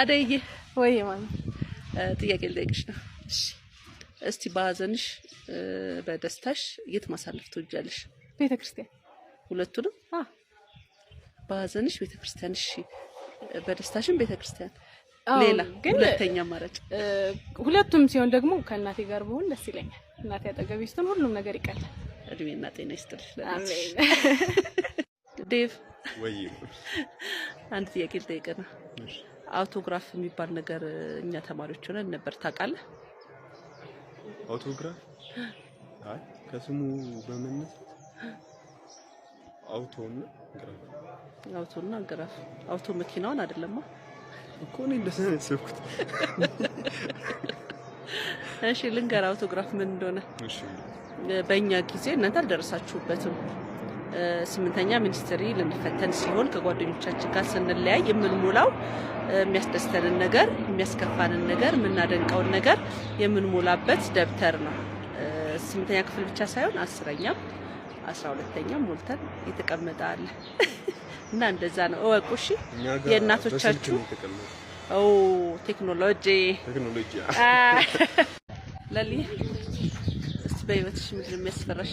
አደይ ወይ ማን ጥያቄ ልጠይቅሽ ነው። እሺ እስቲ በሀዘንሽ በደስታሽ የት ማሳለፍ ትወጃለሽ? ቤተክርስቲያን። ሁለቱንም? አዎ። በሀዘንሽ ክርስቲያን። እሺ በደስታሽም ክርስቲያን። ሌላ ሁለተኛ አማራጭ? ሁለቱም ሲሆን ደግሞ ከእናቴ ጋር በሆን ደስ ይለኛል። እናቴ አጠገብ ስትሆን ሁሉም ነገር ይቀላል። እድሜና ጤና ይስጥልሽ። አሜን። ዴቭ ወይ አንድ ጥያቄ ልጠይቅህ ነው። አውቶግራፍ የሚባል ነገር እኛ ተማሪዎች ሆነን ነበር። ታውቃለህ? አውቶግራፍ አይ ከስሙ በመነሳት አውቶና ግራፍ አውቶና ግራፍ አውቶ መኪናውን አይደለም እኮ እኔ እንደዛ ነው ያሰብኩት። እሺ ልንገር አውቶግራፍ ምን እንደሆነ። እሺ በእኛ ጊዜ እናንተ አልደረሳችሁበትም። ስምንተኛ ሚኒስትሪ ልንፈተን ሲሆን ከጓደኞቻችን ጋር ስንለያይ የምንሞላው የሚያስደስተንን ነገር የሚያስከፋንን ነገር የምናደንቀውን ነገር የምንሞላበት ደብተር ነው። ስምንተኛ ክፍል ብቻ ሳይሆን አስረኛም አስራ ሁለተኛም ሞልተን የተቀመጠ አለ እና እንደዛ ነው። እወቁ እሺ የእናቶቻችሁ ቴክኖሎጂ ቴክኖሎጂ ለሊ በህይወትሽ ምንድን ነው የሚያስፈራሽ?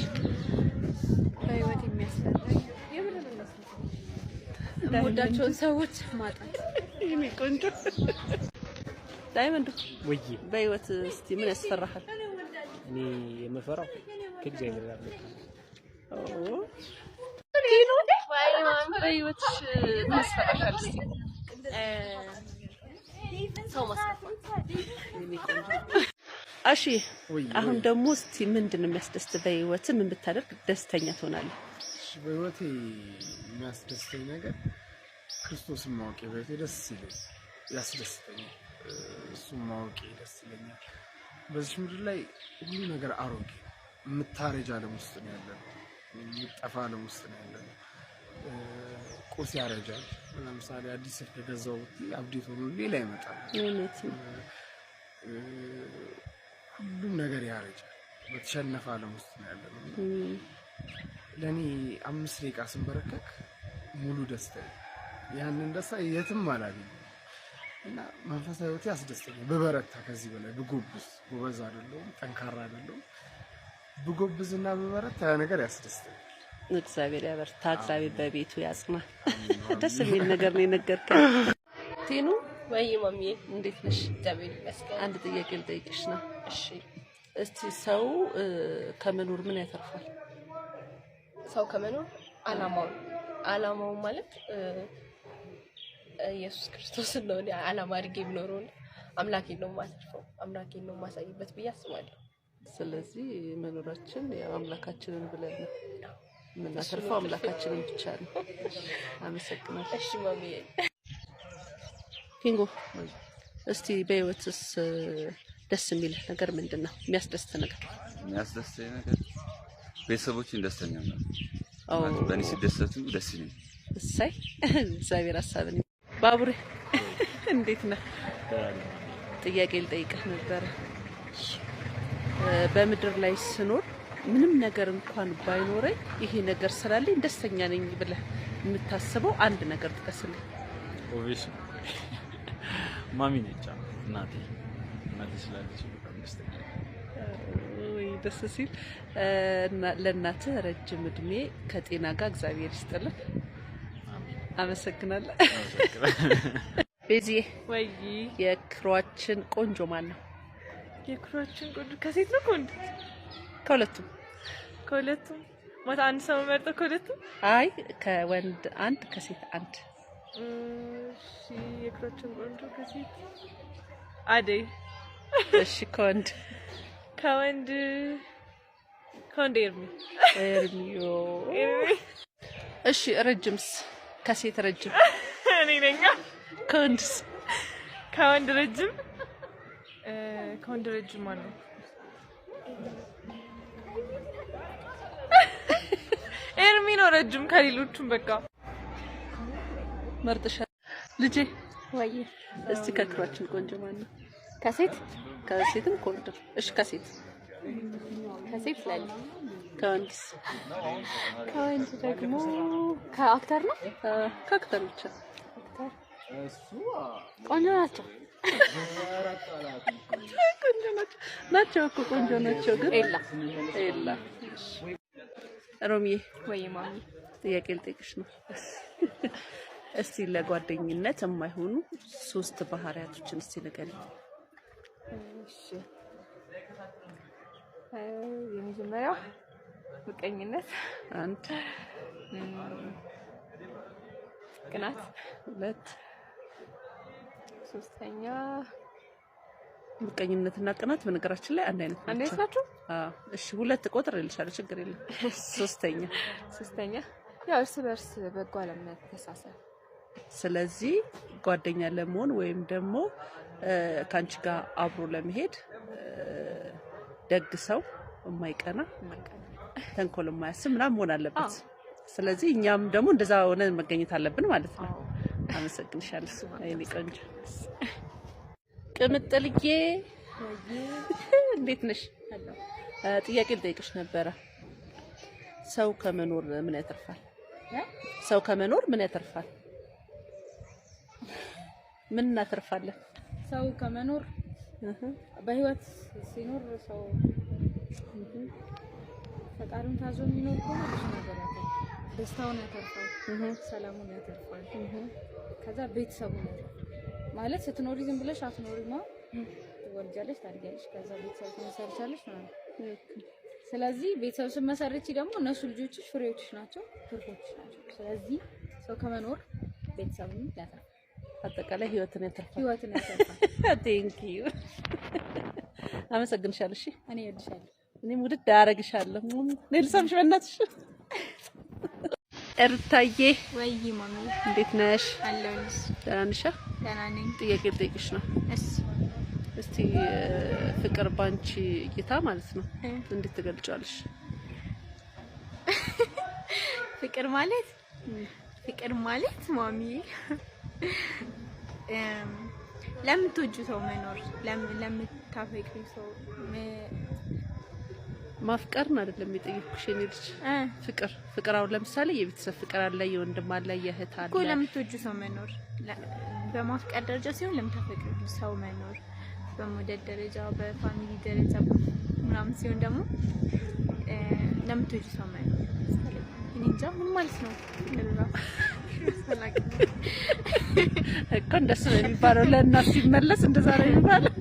በህይወት የሚያስፈራኝ የምወዳቸውን ሰዎች ማጣት። የእኔ ቆንጆ ዳይመንድ ወይ በህይወት እስቲ ምን ያስፈራሃል? እኔ የምፈራው ከእግዚአብሔር ጋር ነው። ሰው ማስከፋት እሺ አሁን ደግሞ እስቲ ምንድን ነው የሚያስደስት በህይወት ምን ብታደርግ ደስተኛ ትሆናለህ? እሺ፣ በህይወት የሚያስደስተኝ ነገር ክርስቶስን ማወቅ በህይወቴ ደስ ይለኝ ያስደስተኛል። እሱን ማወቅ ደስ ይለኛል። በዚህ ምድር ላይ ሁሉ ነገር አሮጌ የምታረጅ አለም ውስጥ ነው ያለ ነው። አለም ውስጥ ነው ያለ ቁስ ያረጃል። ለምሳሌ አዲስ ስልክ የገዛው አብዴት ሆኖ ሌላ ይመጣል። ሁሉም ነገር ያረጃል። በተሸነፈ ዓለም ውስጥ ነው ያለ። ለእኔ አምስት ደቂቃ ስንበረከክ ሙሉ ደስታ ያንን ደስታ የትም አላገኝ እና መንፈሳዊ ህይወቴ ያስደስተኛል። ብበረታ ከዚህ በላይ ብጎብዝ፣ ጎበዝ አይደለሁም፣ ጠንካራ አይደለሁም። ብጎብዝ እና ብበረታ ያ ነገር ያስደስተኛል። እግዚአብሔር ያበርታ፣ እግዚአብሔር በቤቱ ያጽና። ደስ የሚል ነገር ነው የነገርከኝ። ቴኑ ወይ ማሚዬ፣ እንዴት ነሽ? እግዚአብሔር ይመስገን። አንድ ጥያቄ ልጠይቅሽ ነው እሺ እስቲ ሰው ከመኖር ምን ያተርፋል? ሰው ከመኖር አላማው አላማው ማለት ኢየሱስ ክርስቶስ ነው። አላማ አድርጌ የምኖረው አምላኬን ነው የማተርፈው፣ አምላኬን ነው የማሳይበት ብዬ አስባለሁ። ስለዚህ መኖራችን አምላካችንን ብለን ነው የምናተርፈው፣ አምላካችንን ብቻ ነው። አመሰግናለሁ። እሺ ማሚዬ ኪንጎ እስቲ በህይወትስ ደስ የሚል ነገር ምንድን ነው? የሚያስደስት ነገር የሚያስደስት ነገር ቤተሰቦችን ደስተኛ ነው። በእኔ ሲደሰቱ ደስ ይለኛል። እሰይ እግዚአብሔር ሀሳብን ባቡሬ እንዴት ነህ? ጥያቄ ልጠይቅህ ነበረ። በምድር ላይ ስኖር ምንም ነገር እንኳን ባይኖረኝ ይሄ ነገር ስላለኝ ደስተኛ ነኝ ብለህ የምታስበው አንድ ነገር ጥቀስልኝ። ኦቪስ ማሚ ነጫ እናቴ እናቴ ስላለች በጣም ደስተኛ ወይ ደስ ሲል። ለእናትህ ረጅም እድሜ ከጤና ጋር እግዚአብሔር ይስጥልን። አመሰግናለሁ። በዚህ ወይ የክሯችን ቆንጆ ማን ነው? የክሯችን ቆንጆ ከሴት ነው ከወንድ? ከሁለቱም ከሁለቱም ማታ አንድ ሰው መርጦ ከሁለቱም? አይ ከወንድ አንድ ከሴት አንድ። እሺ የክሯችን ቆንጆ ከሴት አደይ እሺ ከወንድ ከወንድ ከወንድ ኤርሚ ኤርሚዮ እሺ ረጅምስ ከሴት ረጅም እኔ ነኛ ከወንድስ ከወንድ ረጅም ከወንድ ረጅም አለ ኤርሚ ነው ረጅም ከሌሎቹም በቃ መርጥሻ ልጄ ወይ እስቲ ከክሯችን ቆንጆ ማለት ነው ከሴት ከሴትም ኮንዶም። እሺ ከሴት ከሴት ላይ ከወንድስ ከወንድ ደግሞ ከአክተር ነው። ከአክተር ብቻ ቆንጆ ናቸው። ቆንጆ ናቸው ናቸው እኮ ቆንጆ ናቸው። ግን ኤላ ኤላ ሮሚዬ ወይ ማሚ ጥያቄ ልጠይቅሽ ነው። እስቲ ለጓደኝነት የማይሆኑ ሶስት ባህሪያቶችን እስቲ ንገሪኝ። እሺ የመጀመሪያው ምቀኝነት፣ አንድ ቅናት፣ ሁለት ሶስተኛ ምቀኝነትና ቅናት በነገራችን ላይ አንድ አይነት ናቸው። አንድ አይነት ናቸው። እሺ፣ ሁለት ቁጥር እልሻለሁ፣ ችግር የለም። ሶስተኛ ሶስተኛ ያው እርስ በርስ በጎ አለመተሳሰብ ስለዚህ ጓደኛ ለመሆን ወይም ደግሞ ከአንቺ ጋር አብሮ ለመሄድ ደግ ሰው፣ የማይቀና ተንኮል የማያስብ ምናምን መሆን አለበት። ስለዚህ እኛም ደግሞ እንደዛ ሆነ መገኘት አለብን ማለት ነው። አመሰግንሻለሁ የኔ ቆንጆ ቅምጥልዬ፣ እንዴት ነሽ? ጥያቄ ልጠይቅሽ ነበረ። ሰው ከመኖር ምን ያተርፋል? ሰው ከመኖር ምን ያተርፋል? ምን እናተርፋለን? ሰው ከመኖር በህይወት ሲኖር ሰው ፈጣሪውን ታዞ የሚኖር ከሆነ ብዙ ነገር ያለው ደስታውን ያተርፋል፣ ሰላሙን ያተርፋል። ከዛ ቤተሰቡ ማለት ስትኖሪ ዝም ብለሽ አትኖሪማ፣ ትወልጃለሽ፣ ታድጊያለሽ፣ ከዛ ቤተሰብ ትመሰርቻለሽ ማለት ነው። ስለዚህ ቤተሰብ ስትመሰርቺ ደግሞ እነሱ ልጆችሽ ፍሬዎችሽ ናቸው፣ ትርፎችሽ ናቸው። ስለዚህ ሰው ከመኖር ቤተሰቡን ያተርፋል። አጠቃላይ ህይወትን ያተርፋል። ህይወትን ያተርፋል። ቴንክ ዩ አመሰግንሻለሁ። እሺ እኔ እወድሻለሁ። እኔም ውድድ አደርግሻለሁ። እኔ ልሳምሽ በእናትሽ። እርታዬ ወይ ማሚ እንዴት ነሽ? አለሁልሽ። ደህና ነሽ? ደህና ነኝ። ጥያቄ ልጠይቅሽ ነው። እሺ እስቲ ፍቅር ባንቺ እይታ ማለት ነው እንዴት ትገልጫለሽ? ፍቅር ማለት ፍቅር ማለት ማሚ ለምትወጁ ሰው መኖር ለምታፈቅሪ ሰው ማፍቀርን አይደለም የጠየኩሽ። እኔ ልጅ ፍቅር ፍቅር አሁን ለምሳሌ የቤተሰብ ፍቅር አለ፣ የወንድም አለ፣ የእህት አለ። ለምትወጁ ሰው መኖር በማፍቀር ደረጃ ሲሆን ለምታፈቅሪ ሰው መኖር በመውደድ ደረጃ፣ በፋሚሊ ደረጃ ምናምን ሲሆን ደግሞ ለምትወጁ ሰው መኖር እኔ እንጃ ምን ማለት ነው እኮ እንደሱ ነው የሚባለው። ለእናት ሲመለስ እንደዛ ነው የሚባለው።